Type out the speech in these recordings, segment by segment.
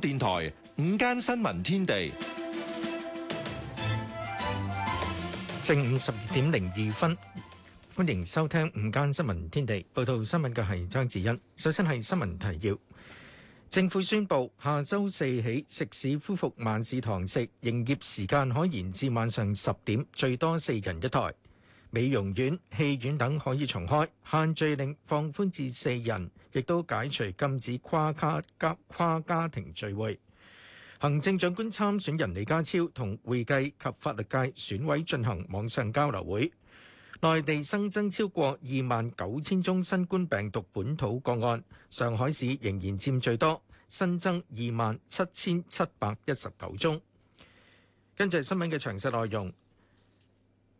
電台午間新聞天地，正午十二點零二分，歡迎收聽午間新聞天地。報道新聞嘅係張智欣，首先係新聞提要：政府宣布下周四起，食肆恢復晚市堂食，營業時間可延至晚上十點，最多四人一台。美容院、戲院等可以重開，限聚令放寬至四人，亦都解除禁止跨卡及跨家庭聚會。行政長官參選人李家超同會計及法律界選委進行網上交流會。內地新增超過二萬九千宗新冠病毒本土個案，上海市仍然佔最多，新增二萬七千七百一十九宗。跟住係新聞嘅詳細內容。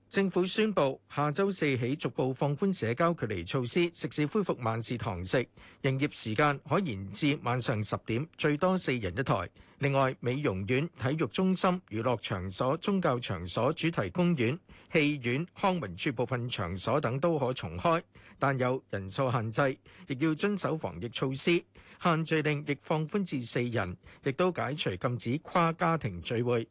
政府宣布，下周四起逐步放寬社交距離措施，食肆恢復晚市堂食，營業時間可延至晚上十點，最多四人一台。另外，美容院、體育中心、娛樂場所、宗教場所、主題公園、戲院、康文署部分場所等都可重開，但有人數限制，亦要遵守防疫措施。限聚令亦放寬至四人，亦都解除禁止跨家庭聚會。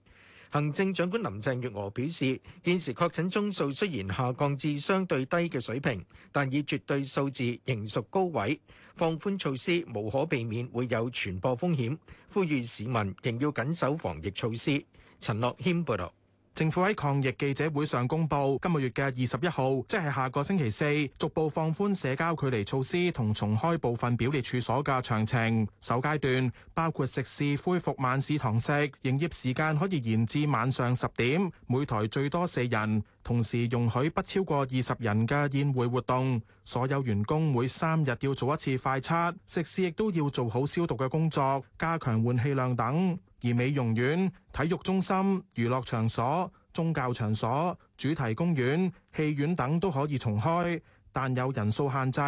行政長官林鄭月娥表示，現時確診宗數雖然下降至相對低嘅水平，但以絕對數字仍屬高位。放寬措施無可避免會有傳播風險，呼籲市民仍要緊守防疫措施。陳樂軒報導。政府喺抗疫記者會上公布，今個月嘅二十一號，即係下個星期四，逐步放寬社交距離措施同重開部分表列處所嘅詳情。首階段包括食肆恢復晚市堂食，營業時間可以延至晚上十點，每枱最多四人，同時容許不超過二十人嘅宴會活動。所有員工每三日要做一次快測，食肆亦都要做好消毒嘅工作，加強換氣量等。而美容院、體育中心、娛樂場所、宗教場所、主題公園、戲院等都可以重開，但有人數限制，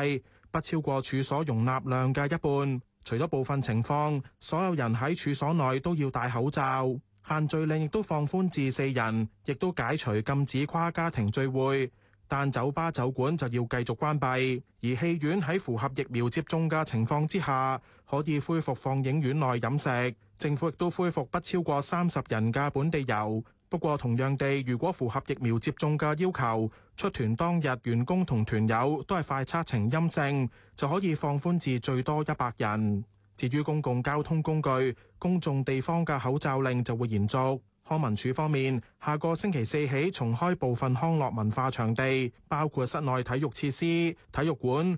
不超過處所容納量嘅一半。除咗部分情況，所有人喺處所內都要戴口罩。限聚令亦都放寬至四人，亦都解除禁止跨家庭聚會，但酒吧酒館就要繼續關閉。而戲院喺符合疫苗接種嘅情況之下，可以恢復放映院內飲食。政府亦都恢復不超過三十人嘅本地遊，不過同樣地，如果符合疫苗接種嘅要求，出團當日員工同團友都係快測呈陰性，就可以放寬至最多一百人。至於公共交通工具，公眾地方嘅口罩令就會延續。康文署方面，下個星期四起重開部分康樂文化場地，包括室內體育設施、體育館。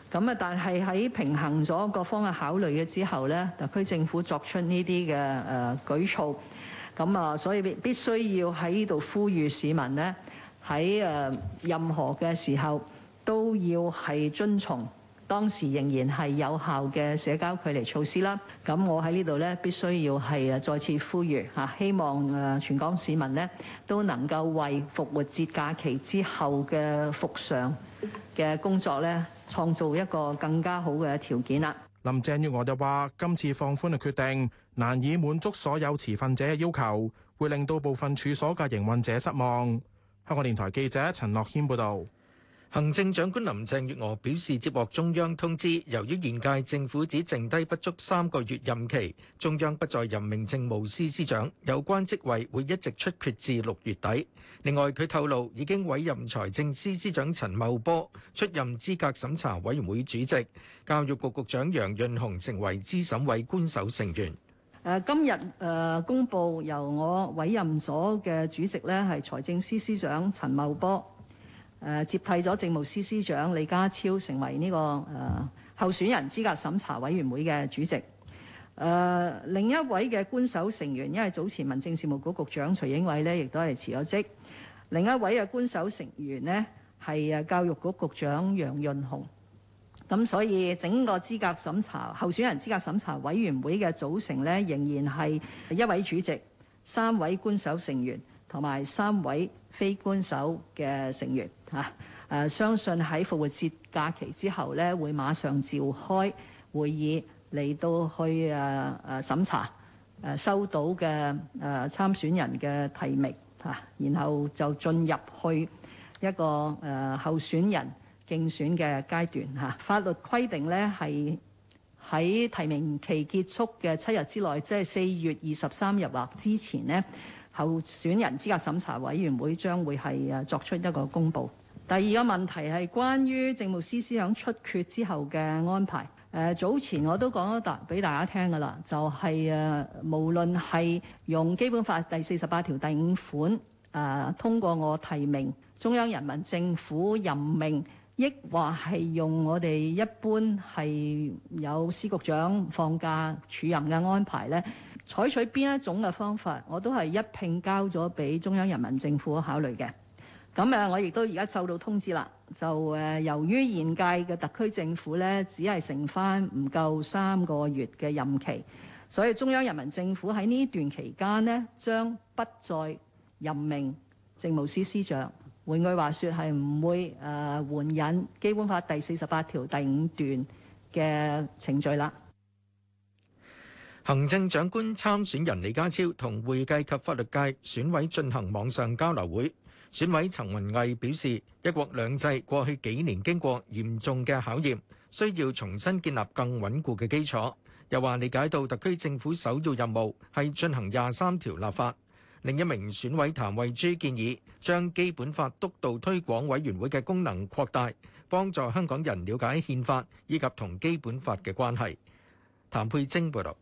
咁啊，但係喺平衡咗各方嘅考慮嘅之後咧，特區政府作出呢啲嘅誒舉措，咁啊，所以必必須要喺呢度呼籲市民咧，喺誒任何嘅時候都要係遵從當時仍然係有效嘅社交距離措施啦。咁我喺呢度咧必須要係啊再次呼籲吓，希望誒全港市民咧都能夠為復活節假期之後嘅復常嘅工作咧，創造一個更加好嘅條件啦。林鄭月娥就話，今次放寬嘅決定難以滿足所有持份者嘅要求，會令到部分處所嘅營運者失望。香港電台記者陳樂軒報導。行政長官林鄭月娥表示，接獲中央通知，由於現屆政府只剩低不足三個月任期，中央不再任命政務司司長，有關職位會一直出缺至六月底。另外，佢透露已經委任財政司司長陳茂波出任資格審查委員會主席，教育局局長楊潤雄成為資審委官守成員。誒，今日誒公佈由我委任咗嘅主席咧，係財政司司長陳茂波。誒，接替咗政務司司長李家超成為呢、這個誒、呃、候選人資格審查委員會嘅主席。誒、呃、另一位嘅官守成員，因為早前民政事務局局長徐英偉呢亦都係辭咗職。另一位嘅官守成員呢，係教育局局長楊潤雄。咁所以整個資格審查候選人資格審查委員會嘅組成呢，仍然係一位主席、三位官守成員同埋三位。非官守嘅成員嚇，誒、啊啊、相信喺復活節假期之後咧，會馬上召開會議嚟到去誒誒、啊啊、審查誒、啊、收到嘅誒參選人嘅提名嚇、啊，然後就進入去一個誒、啊、候選人競選嘅階段嚇、啊。法律規定咧，係喺提名期結束嘅七日之內，即係四月二十三日或之前咧。候選人資格審查委員會將會係誒作出一個公佈。第二個問題係關於政務司司長出缺之後嘅安排。誒、呃、早前我都講咗一啖俾大家聽㗎啦，就係、是、誒、呃、無論係用基本法第四十八條第五款誒、呃、通過我提名中央人民政府任命，亦或係用我哋一般係有司局長放假署任嘅安排咧。採取邊一種嘅方法，我都係一併交咗俾中央人民政府考慮嘅。咁誒，我亦都而家收到通知啦。就誒，由於現屆嘅特區政府咧，只係剩翻唔夠三個月嘅任期，所以中央人民政府喺呢段期間呢，將不再任命政務司司長。換句話說，係唔會誒援引《基本法》第四十八條第五段嘅程序啦。行政長官參選人李家超同會計及法律界選委進行網上交流會。選委陳雲毅表示，一國兩制過去幾年經過嚴重嘅考驗，需要重新建立更穩固嘅基礎。又話理解到特區政府首要任務係進行廿三條立法。另一名選委譚慧珠建議將基本法督導推廣委員會嘅功能擴大，幫助香港人了解憲法以及同基本法嘅關係。譚佩晶報導。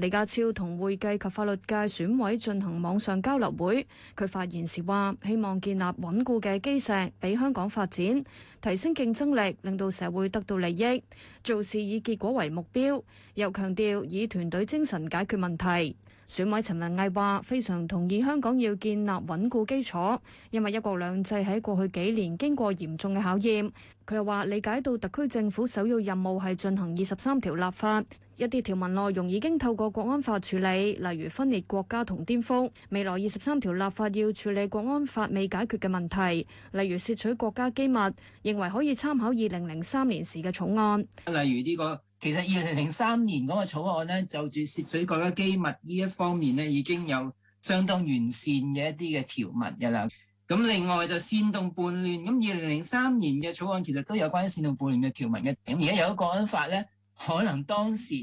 李家超同會計及法律界選委進行網上交流會，佢發言時話：希望建立穩固嘅基石，俾香港發展，提升競爭力，令到社會得到利益。做事以結果為目標，又強調以團隊精神解決問題。選委陳文藝話：非常同意香港要建立穩固基礎，因為一國兩制喺過去幾年經過嚴重嘅考驗。佢又話：理解到特區政府首要任務係進行二十三條立法。一啲條文內容已經透過國安法處理，例如分裂國家同顛覆。未來二十三條立法要處理國安法未解決嘅問題，例如竊取國家機密，認為可以參考二零零三年時嘅草案。例如呢個其實二零零三年嗰個草案咧，就住竊取國家機密呢一方面咧，已經有相當完善嘅一啲嘅條文嘅啦。咁另外就煽動叛亂，咁二零零三年嘅草案其實都有關於煽動叛亂嘅條文嘅。咁而家有個國安法咧。可能當時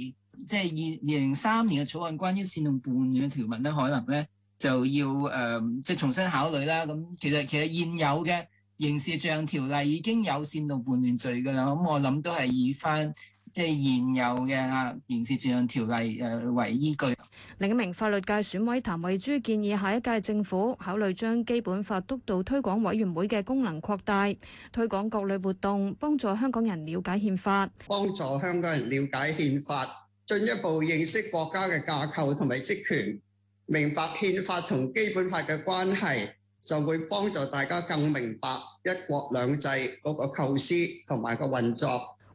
即係二二零三年嘅草案，關於煽動叛亂嘅條文咧，可能咧就要誒即係重新考慮啦。咁其實其實現有嘅刑事罪行條例已經有煽動叛亂罪㗎啦。咁、嗯、我諗都係以返。即係現有嘅啊刑事罪行條例誒為依據。另一名法律界選委譚慧珠建議下一屆政府考慮將基本法督導推廣委員會嘅功能擴大，推廣各類活動，幫助香港人了解憲法，幫助香港人了解憲法，進一步認識國家嘅架構同埋職權，明白憲法同基本法嘅關係，就會幫助大家更明白一國兩制嗰個構思同埋個運作。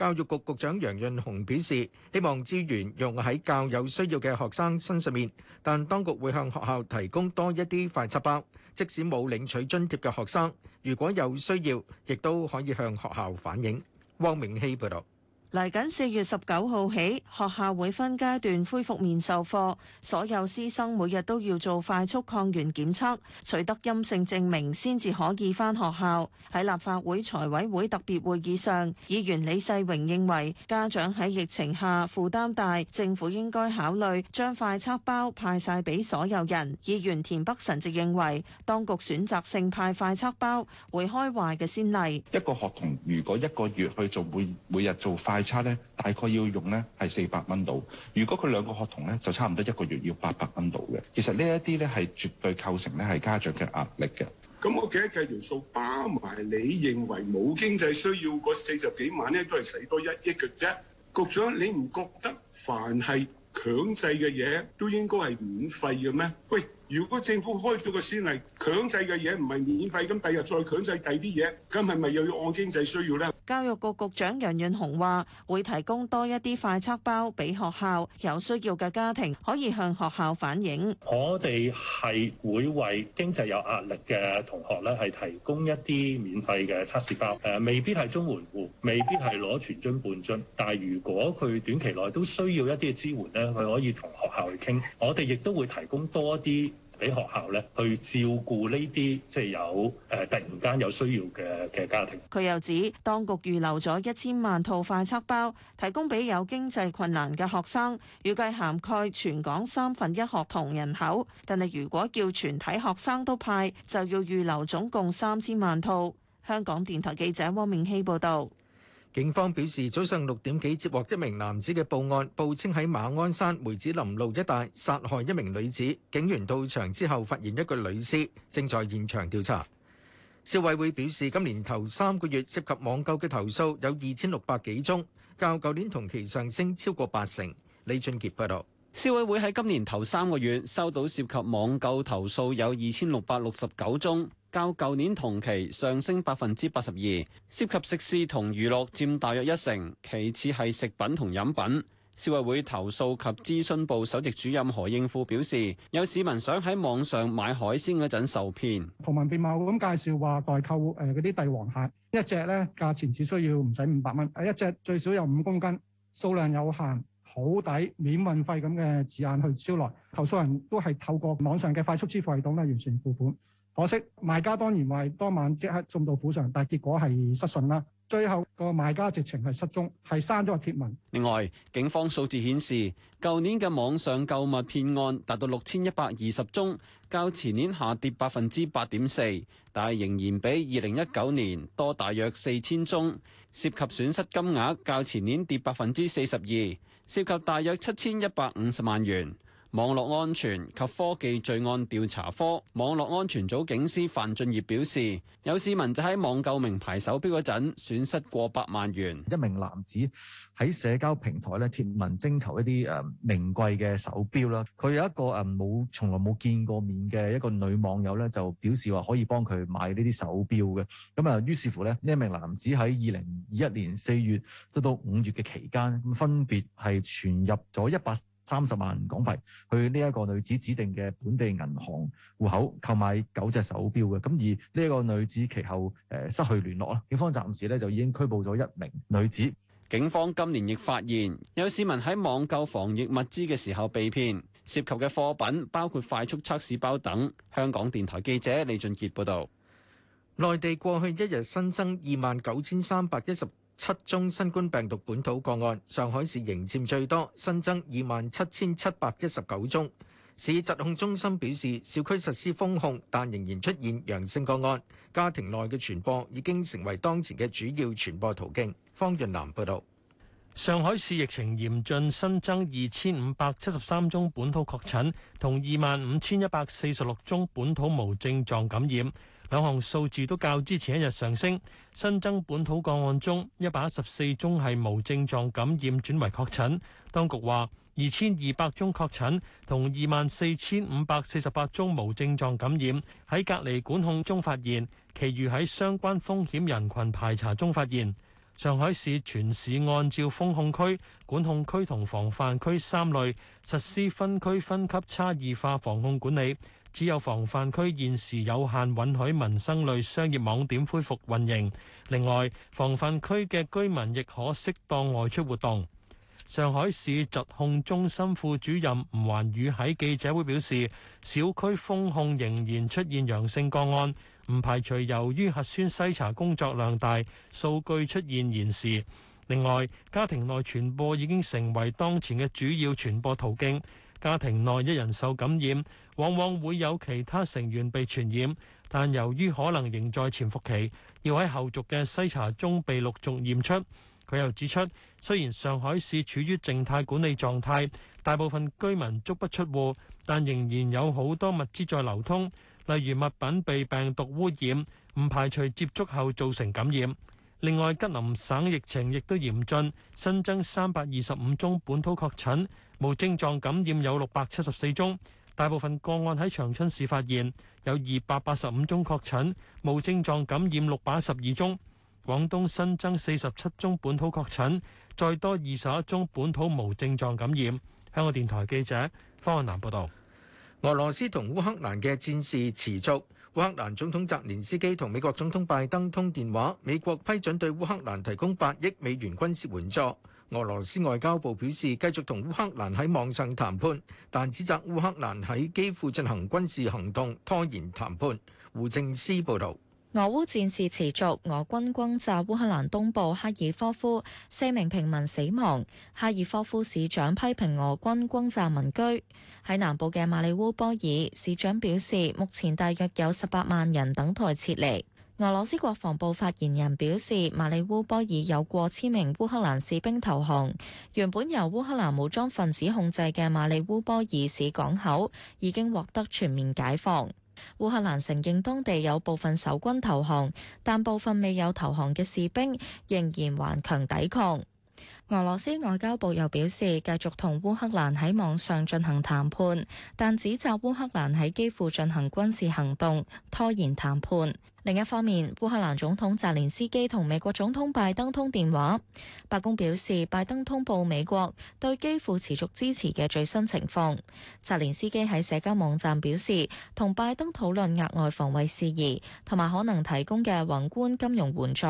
教育局局長楊潤雄表示，希望資源用喺較有需要嘅學生身上面，但當局會向學校提供多一啲快測包，即使冇領取津貼嘅學生，如果有需要，亦都可以向學校反映。汪明希報道。嚟緊四月十九號起，學校會分階段恢復面授課，所有師生每日都要做快速抗原檢測，取得陰性證明先至可以返學校。喺立法會財委會特別會議上，議員李世榮認為家長喺疫情下負擔大，政府應該考慮將快測包派晒俾所有人。議員田北辰就認為，當局選擇性派快測包會開壞嘅先例。一個學童如果一個月去做每每日做快差咧大概要用咧係四百蚊度，如果佢兩個學童咧就差唔多一個月要八百蚊度嘅。其實呢一啲咧係絕對構成咧係家長嘅壓力嘅。咁我記得計條數，包埋你認為冇經濟需要嗰四十幾萬咧，都係使多一億嘅啫。局長，你唔覺得凡係強制嘅嘢都應該係免費嘅咩？喂！如果政府開咗個先例，強制嘅嘢唔係免費，咁第日再強制第二啲嘢，咁係咪又要按經濟需要咧？教育局局長楊潤雄話：會提供多一啲快測包俾學校，有需要嘅家庭可以向學校反映。我哋係會為經濟有壓力嘅同學咧，係提供一啲免費嘅測試包。誒、呃，未必係綜援戶，未必係攞全津半津。但係如果佢短期內都需要一啲嘅支援咧，佢可以同學校去傾。我哋亦都會提供多啲。俾學校咧去照顧呢啲即係有誒、呃、突然間有需要嘅嘅家庭。佢又指，當局預留咗一千萬套快測包，提供俾有經濟困難嘅學生，預計涵蓋全港三分一學童人口。但係如果叫全體學生都派，就要預留總共三千萬套。香港電台記者汪明熙報道。警方表示，早上六點幾接獲一名男子嘅報案，報稱喺馬鞍山梅子林路一帶殺害一名女子。警員到場之後，發現一具女屍，正在現場調查。消委會表示，今年頭三個月涉及網購嘅投訴有二千六百幾宗，較舊年同期上升超過八成。李俊傑報道。消委會喺今年頭三個月收到涉及網購投訴有二千六百六十九宗，較舊年同期上升百分之八十二，涉及食肆同娛樂佔大約一成，其次係食品同飲品。消委會投訴及諮詢部首席主任何應富表示，有市民想喺網上買海鮮嗰陣受騙，圖文並茂咁介紹話代購誒嗰啲帝王蟹，一隻咧價錢只需要唔使五百蚊，一隻最少有五公斤，數量有限。保底免運費咁嘅字眼去招來投訴人，都係透過網上嘅快速支付系統咧，完成付款。可惜賣家當然話當晚即刻送到府上，但係結果係失信啦。最後個賣家直情係失蹤，係刪咗個貼文。另外，警方數字顯示，舊年嘅網上購物騙案達到六千一百二十宗，較前年下跌百分之八點四，但係仍然比二零一九年多大約四千宗，涉及損失金額較前年跌百分之四十二。涉及大約七千一百五十萬元。網絡安全及科技罪案調查科網絡安全組警司范俊業表示，有市民就喺網購名牌手錶嗰陣，損失過百萬元。一名男子喺社交平台咧貼文徵求一啲誒名貴嘅手錶啦，佢有一個誒冇從來冇見過面嘅一個女網友咧，就表示話可以幫佢買呢啲手錶嘅。咁啊，於是乎咧，呢一名男子喺二零二一年四月到到五月嘅期間，分別係存入咗一百三十萬港幣去呢一個女子指定嘅本地銀行戶口購買九隻手錶嘅，咁而呢一個女子其後誒、呃、失去聯絡啦。警方暫時咧就已經拘捕咗一名女子。警方今年亦發現有市民喺網購防疫物資嘅時候被騙，涉及嘅貨品包括快速測試包等。香港電台記者李俊傑報導，內地過去一日新增二萬九千三百一十。七宗新冠病毒本土個案，上海市仍佔最多，新增二萬七千七百一十九宗。市疾控中心表示，小區實施封控，但仍然出現陽性個案，家庭內嘅傳播已經成為當前嘅主要傳播途徑。方潤南報道，上海市疫情嚴峻，新增二千五百七十三宗本土確診同二萬五千一百四十六宗本土無症狀感染。兩項數字都較之前一日上升。新增本土個案中，一百一十四宗係無症狀感染轉為確診。當局話，二千二百宗確診同二萬四千五百四十八宗無症狀感染喺隔離管控中發現，其餘喺相關風險人群排查中發現。上海市全市按照封控區、管控區同防範區三類實施分區分級差異化防控管理。只有防範區現時有限允許民生類商業網點恢復運營。另外，防範區嘅居民亦可適當外出活動。上海市疾控中心副主任吳環宇喺記者會表示，小區封控仍然出現陽性個案，唔排除由於核酸篩查工作量大，數據出現延時。另外，家庭內傳播已經成為當前嘅主要傳播途徑，家庭內一人受感染，往往會有其他成員被傳染，但由於可能仍在潛伏期，要喺後續嘅篩查中被陸續驗出。佢又指出，雖然上海市處於靜態管理狀態，大部分居民足不出戶，但仍然有好多物資在流通，例如物品被病毒污染，唔排除接觸後造成感染。另外，吉林省疫情亦都嚴峻，新增三百二十五宗本土確診，無症狀感染有六百七十四宗。大部分個案喺長春市發現，有二百八十五宗確診，無症狀感染六百一十二宗。廣東新增四十七宗本土確診，再多二十一宗本土無症狀感染。香港電台記者方翰南報道。俄羅斯同烏克蘭嘅戰事持續，烏克蘭總統澤連斯基同美國總統拜登通電話，美國批准對烏克蘭提供八億美元軍事援助。俄羅斯外交部表示，繼續同烏克蘭喺網上談判，但指責烏克蘭喺基輔進行軍事行動，拖延談判。胡正思報導，俄烏戰事持續，俄軍轟炸烏克蘭東部哈爾科夫，四名平民死亡。哈爾科夫市長批評俄軍轟炸民居。喺南部嘅馬里烏波爾，市長表示，目前大約有十八萬人等待撤離。俄羅斯國防部發言人表示，馬里烏波爾有過千名烏克蘭士兵投降。原本由烏克蘭武裝分子控制嘅馬里烏波爾市港口已經獲得全面解放。烏克蘭承認當地有部分守軍投降，但部分未有投降嘅士兵仍然頑強抵抗。俄羅斯外交部又表示，繼續同烏克蘭喺網上進行談判，但指責烏克蘭喺基輔進行軍事行動，拖延談判。另一方面，烏克蘭總統澤連斯基同美國總統拜登通電話，白宮表示，拜登通報美國對基輔持續支持嘅最新情況。澤連斯基喺社交網站表示，同拜登討論額外防衛事宜，同埋可能提供嘅宏觀金融援助。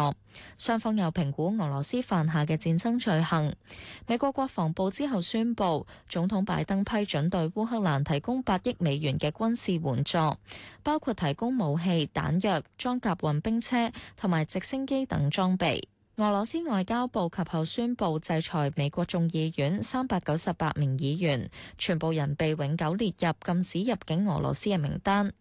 雙方又評估俄羅斯犯下嘅戰爭罪行。美國國防部之後宣布，總統拜登批准對烏克蘭提供八億美元嘅軍事援助，包括提供武器彈藥。裝甲運兵車同埋直升機等裝備。俄羅斯外交部及後宣布制裁美國眾議院三百九十八名議員，全部人被永久列入禁止入境俄羅斯嘅名單。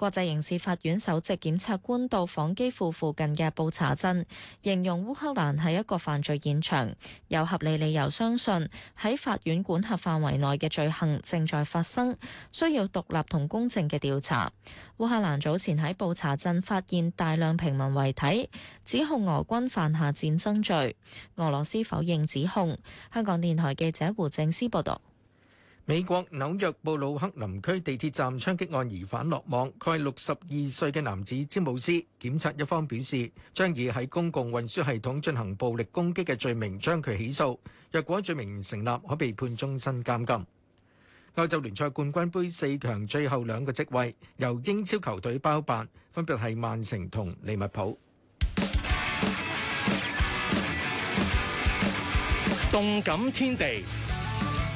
國際刑事法院首席檢察官到訪基輔附近嘅布查鎮，形容烏克蘭係一個犯罪現場，有合理理由相信喺法院管轄範圍內嘅罪行正在發生，需要獨立同公正嘅調查。烏克蘭早前喺布查鎮發現大量平民遺體，指控俄軍犯下戰爭罪。俄羅斯否認指控。香港電台記者胡正思報道。美國紐約布魯克林區地鐵站槍擊案疑犯落網，該六十二歲嘅男子詹姆斯。檢察一方表示，將以喺公共運輸系統進行暴力攻擊嘅罪名將佢起訴。若果罪名成立，可被判終身監禁。歐洲聯賽冠軍杯四強最後兩個職位由英超球隊包辦，分別係曼城同利物浦。動感天地。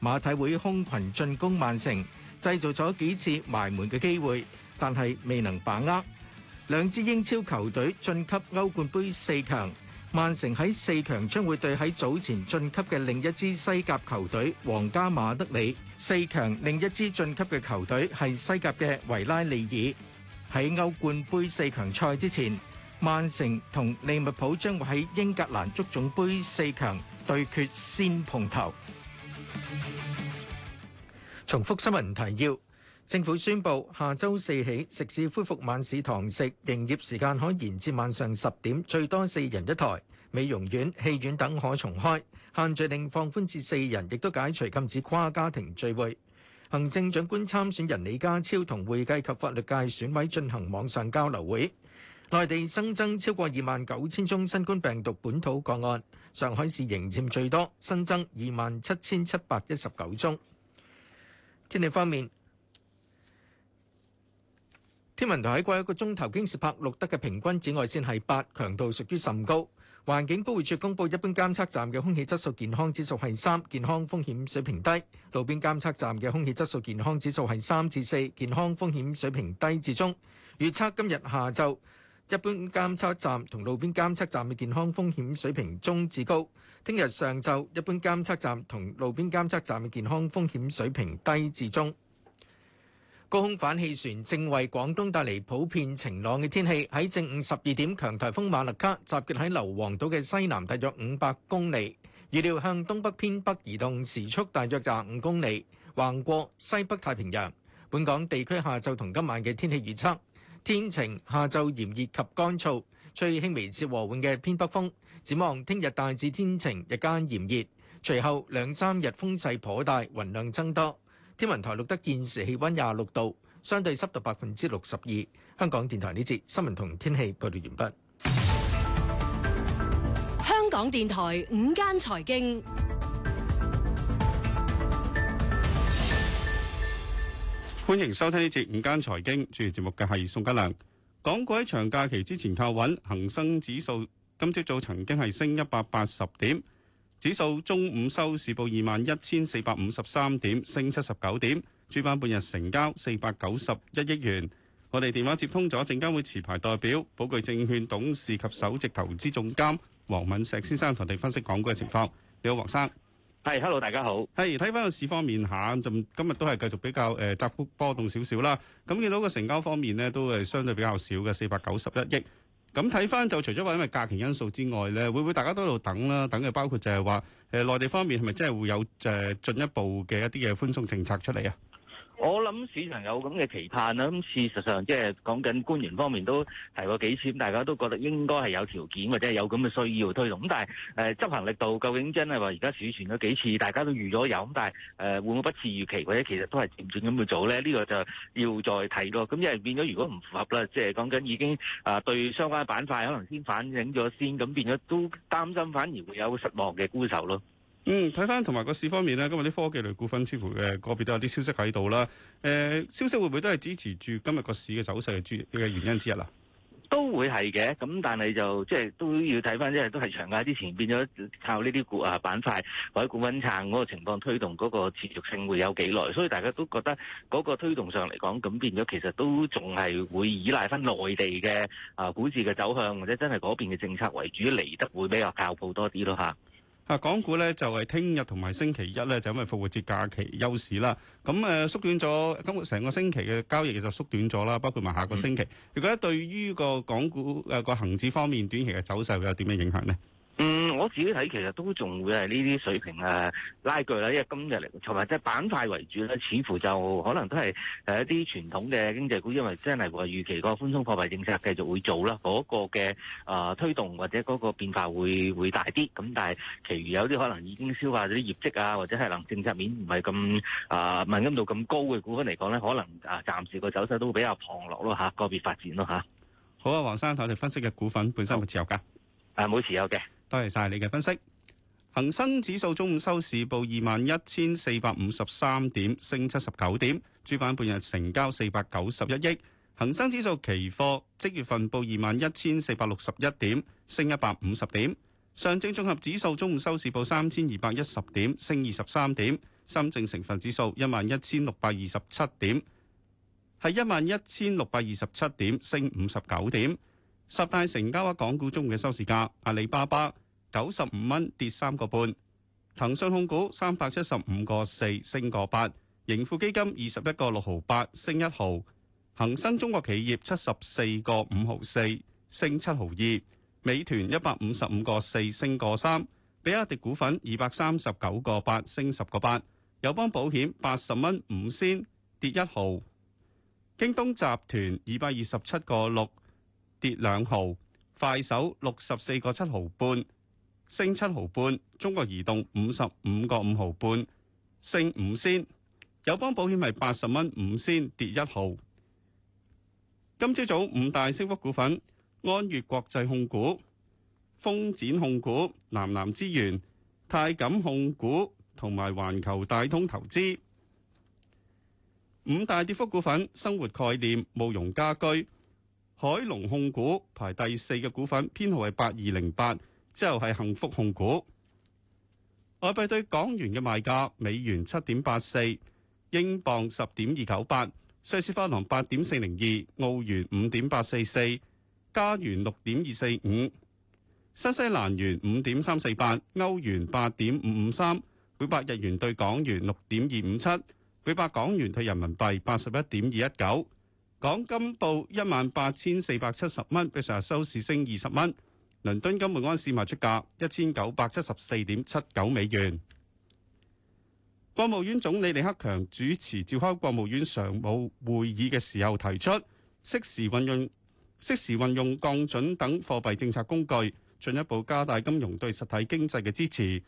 馬體會空群進攻曼城，製造咗幾次埋門嘅機會，但係未能把握。兩支英超球隊晉級歐冠盃四強，曼城喺四強將會對喺早前晉級嘅另一支西甲球隊皇家馬德里。四強另一支晉級嘅球隊係西甲嘅維拉利爾。喺歐冠杯四強賽之前，曼城同利物浦將會喺英格蘭足總杯四強對決先碰頭。重複新聞提要：政府宣布下周四起，食肆恢復晚市堂食，營業時間可延至晚上十點，最多四人一台。美容院、戲院等可重開，限聚令放寬至四人，亦都解除禁止跨家庭聚會。行政長官參選人李家超同會計及法律界選委進行網上交流會。內地新增超過二萬九千宗新冠病毒本土個案，上海市仍佔最多，新增二萬七千七百一十九宗。天氣方面，天文台喺過一個鐘頭京士柏錄得嘅平均紫外線係八，強度屬於甚高。環境保護署公佈一般監測站嘅空氣質素健康指數係三，健康風險水平低；路邊監測站嘅空氣質素健康指數係三至四，健康風險水平低至中。預測今日下晝。一般監測站同路邊監測站嘅健康風險水平中至高。聽日上晝，一般監測站同路邊監測站嘅健康風險水平低至中。高空反氣旋正為廣東帶嚟普遍晴朗嘅天氣。喺正午十二點，強颱風馬勒卡集結喺硫磺島嘅西南，大約五百公里，預料向東北偏北移動，時速大約廿五公里，橫過西北太平洋。本港地區下晝同今晚嘅天氣預測。天晴，下晝炎熱及乾燥，吹輕微至和緩嘅偏北風。展望聽日大致天晴，日間炎熱，隨後兩三日風勢頗大，雲量增多。天文台錄得現時氣溫廿六度，相對濕度百分之六十二。香港電台呢節新聞同天氣報道完畢。香港電台午間財經。歡迎收聽呢節午間財經，主持節目嘅係宋家良。港股喺長假期之前靠穩，恒生指數今朝早曾經係升一百八十點，指數中午收市報二萬一千四百五十三點，升七十九點。主板半日成交四百九十一億元。我哋電話接通咗證監會持牌代表、寶具證券董事及首席投資總監黃敏石先生同你分析港股嘅情況。你好，黃生。係，hello，大家好。係，睇翻個市方面下，咁今日都係繼續比較誒、呃、窄幅波動少少啦。咁見到個成交方面咧，都係相對比較少嘅，四百九十一億。咁睇翻就除咗話因為價錢因素之外咧，會唔會大家都喺度等啦？等嘅包括就係話，誒、呃、內地方面係咪真係會有誒、呃、進一步嘅一啲嘅寬鬆政策出嚟啊？我諗市場有咁嘅期盼啦，咁、嗯、事實上即係講緊官員方面都提過幾次，咁大家都覺得應該係有條件或者有咁嘅需要推動，咁但係誒執行力度究竟真係話而家市傳咗幾次，大家都預咗有，咁但係誒會唔會不似預期或者其實都係漸漸咁去做咧？呢、這個就要再睇咯。咁因為變咗如果唔符合啦，即係講緊已經啊、呃、對相關嘅板塊可能先反映咗先，咁變咗都擔心反而會有失望嘅沽售咯。嗯，睇翻同埋個市方面咧，今日啲科技類股份似乎誒個別都有啲消息喺度啦。誒、呃，消息會唔會都係支持住今日個市嘅走勢嘅主要嘅原因之一啦？都會係嘅，咁但係就即係都要睇翻，即係都係長假之前變咗靠呢啲股啊板塊或者、那個、股份撐嗰個情況推動嗰個持續性會有幾耐？所以大家都覺得嗰個推動上嚟講，咁變咗其實都仲係會依賴翻內地嘅啊股市嘅走向，或者真係嗰邊嘅政策為主嚟得會比較靠譜多啲咯嚇。啊。啊，港股咧就係、是、聽日同埋星期一咧，就因為復活節假期休市啦。咁誒、呃、縮短咗今日成個星期嘅交易，就縮短咗啦。包括埋下個星期，嗯、如果對於個港股誒個恆指方面短期嘅走勢會有點樣影響呢？嗯，我自己睇，其實都仲會係呢啲水平誒、啊、拉鋸啦。因為今日嚟同埋即係板塊為主咧，似乎就可能都係誒一啲傳統嘅經濟股，因為真係話預期個寬鬆貨幣政策繼續會做啦，嗰、那個嘅誒、呃、推動或者嗰個變化會會大啲。咁但係，其餘有啲可能已經消化咗啲業績啊，或者係能政策面唔係咁誒敏感度咁高嘅股份嚟講咧，可能誒暫時個走勢都會比較旁落咯嚇，個別發展咯嚇。啊好啊，黃生同我哋分析嘅股份本身會持有噶，誒冇、啊、持有嘅。多謝晒你嘅分析。恒生指數中午收市報二萬一千四百五十三點，升七十九點。主板半日成交四百九十一億。恒生指數期貨即月份報二萬一千四百六十一點，升一百五十點。上證綜合指數中午收市報三千二百一十點，升二十三點。深證成分指數一萬一千六百二十七點，係一萬一千六百二十七點，升五十九點。十大成交額港股中午嘅收市價：阿里巴巴九十五蚊跌三個半，騰訊控股三百七十五個四升個八，盈富基金二十一個六毫八升一毫，恒生中國企業七十四個五毫四升七毫二，美團一百五十五個四升個三，比亞迪股份二百三十九個八升十個八，友邦保險八十蚊五仙跌一毫，京東集團二百二十七個六，跌兩毫，快手六十四個七毫半，升七毫半；中國移動五十五個五毫半，升五仙；友邦保險係八十蚊五仙，跌一毫。今朝早五大升幅股份：安悅國際控股、豐展控股、南南資源、泰錦控股同埋環球大通投資。五大跌幅股份：生活概念、慕容家居。海龍控股排第四嘅股份，編號係八二零八，之後係幸福控股。外幣對港元嘅賣價：美元七點八四，英鎊十點二九八，瑞士法郎八點四零二，澳元五點八四四，加元六點二四五，新西蘭元五點三四八，歐元八點五五三，每百日元對港元六點二五七，每百港元對人民幣八十一點二一九。港金報一萬八千四百七十蚊，比上日收市升二十蚊。倫敦金每安士賣出價一千九百七十四點七九美元。國務院總理李克強主持召開國務院常務會議嘅時候提出，適時運用、適時運用降準等貨幣政策工具，進一步加大金融對實體經濟嘅支持。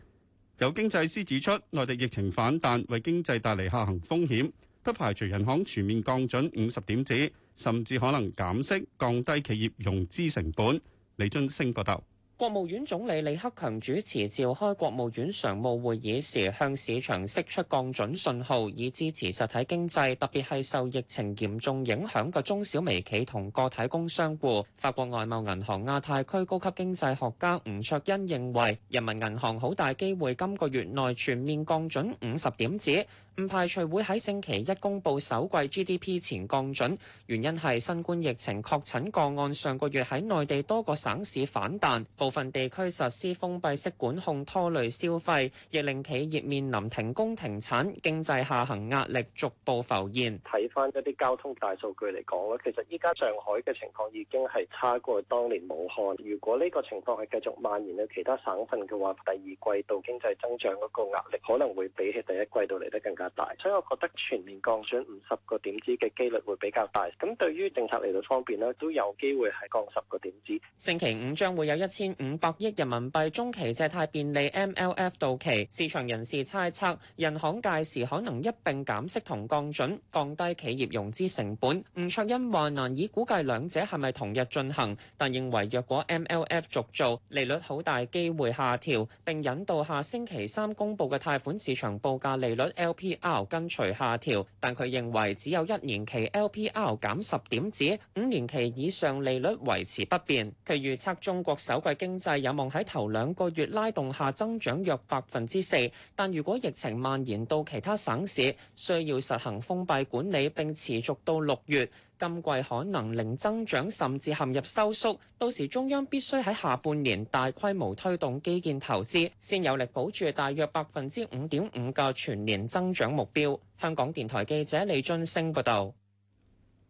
有經濟師指出，內地疫情反彈為經濟帶嚟下行風險。不排除銀行全面降準五十點子，甚至可能減息，降低企業融資成本。李津升報道，國務院總理李克強主持召開國務院常務會議時，向市場釋出降準信號，以支持實體經濟，特別係受疫情嚴重影響嘅中小微企同個體工商戶。法國外貿銀行亞太區高級經濟學家吳卓恩認為，人民銀行好大機會今個月內全面降準五十點子。唔排除會喺星期一公布首季 GDP 前降準，原因係新冠疫情確診個案上個月喺內地多個省市反彈，部分地區實施封閉式管控，拖累消費，亦令企業面臨停工停產，經濟下行壓力逐步浮現，睇翻一啲交通大數據嚟講咧，其實依家上海嘅情況已經係差過當年武漢，如果呢個情況係繼續蔓延到其他省份嘅話，第二季度經濟增長嗰個壓力可能會比起第一季度嚟得更加大，所以我覺得全年降準五十個點子嘅機率會比較大。咁對於政策利率方面呢，都有機會係降十個點子。星期五將會有一千五百億人民幣中期借貸便利 MLF 到期，市場人士猜測人行屆時可能一並減息同降準，降低企業融資成本。吳卓欣話難以估計兩者係咪同日進行，但認為若果 MLF 續做，利率好大機會下調，並引導下星期三公布嘅貸款市場報價利率 LPR。跟隨下調，但佢認為只有一年期 LPR 減十點子，五年期以上利率維持不變。佢預測中國首季經濟有望喺頭兩個月拉動下增長約百分之四，但如果疫情蔓延到其他省市，需要實行封閉管理，並持續到六月。今季可能零增長甚至陷入收縮，到時中央必須喺下半年大規模推動基建投資，先有力保住大約百分之五點五嘅全年增長目標。香港電台記者李俊升報道。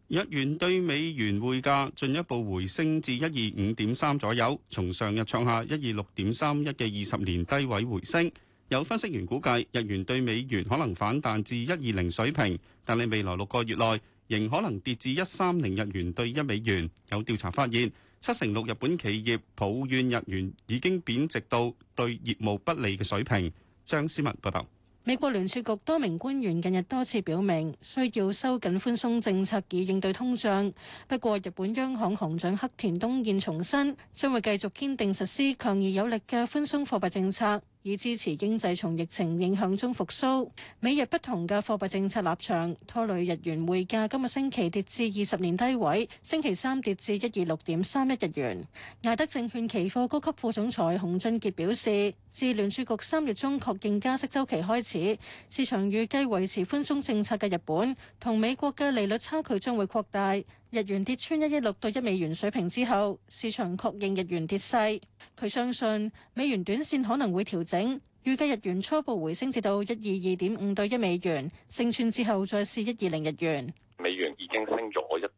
日元對美元匯價進一步回升至一二五點三左右，從上日創下一二六點三一嘅二十年低位回升。有分析員估計，日元對美元可能反彈至一二零水平，但喺未來六個月內。仍可能跌至一三零日元兌一美元。有調查發現，七成六日本企業抱怨日元已經貶值到對業務不利嘅水平。張思文報道。美國聯儲局多名官員近日多次表明需要收緊寬鬆政策，以應對通脹。不過，日本央行行長黑田東彥重申將會繼續堅定實施強而有力嘅寬鬆貨幣政策，以支持經濟從疫情影響中復甦。美日不同嘅貨幣政策立場拖累日元匯價，今個星期跌至二十年低位，星期三跌至一二六點三一日元。艾德證券期貨高級副，副，副總裁洪俊傑表示，自聯儲局三月中確認加息周期開始，市場預計維持寬鬆政策嘅日本同美國嘅利率差距將會擴大。日元跌穿一一六對一美元水平之後，市場確認日元跌勢。佢相信美元短線可能會調整，預計日元初步回升至到一二二點五對一美元，勝算之後再試一二零日元。美元已經升咗一。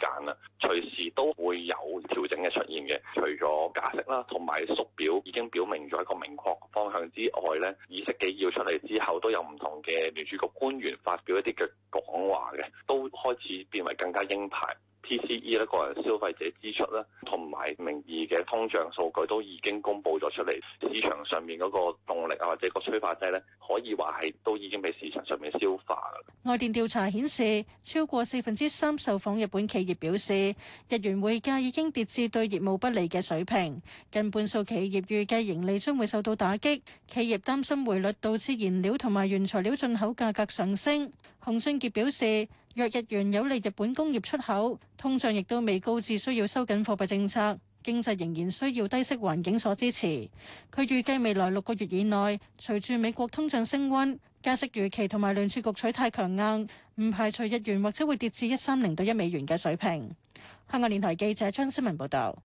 間啦，隨時都會有調整嘅出現嘅。除咗加息啦，同埋縮表已經表明咗一個明確方向之外呢，意識紀要出嚟之後，都有唔同嘅聯儲局官員發表一啲嘅講話嘅，都開始變為更加鷹派。PCE 呢個人消費者支出啦，同埋名義嘅通脹數據都已經公布咗出嚟，市場上面嗰個動力啊或者個催化劑咧，可以話係都已經被市場上面消化啦。外電調查顯示，超過四分之三受訪日本企業表示，日元匯價已經跌至對業務不利嘅水平，近半數企業預計盈利將會受到打擊，企業擔心匯率導致燃料同埋原材料進口價格上升。洪勝傑表示，若日元有利日本工業出口，通脹亦都未高至需要收緊貨幣政策，經濟仍然需要低息環境所支持。佢預計未來六個月以內，隨住美國通脹升溫、加息預期同埋聯儲局取態強硬，唔排除日元或者會跌至一三零到一美元嘅水平。香港電台記者張詩文報道。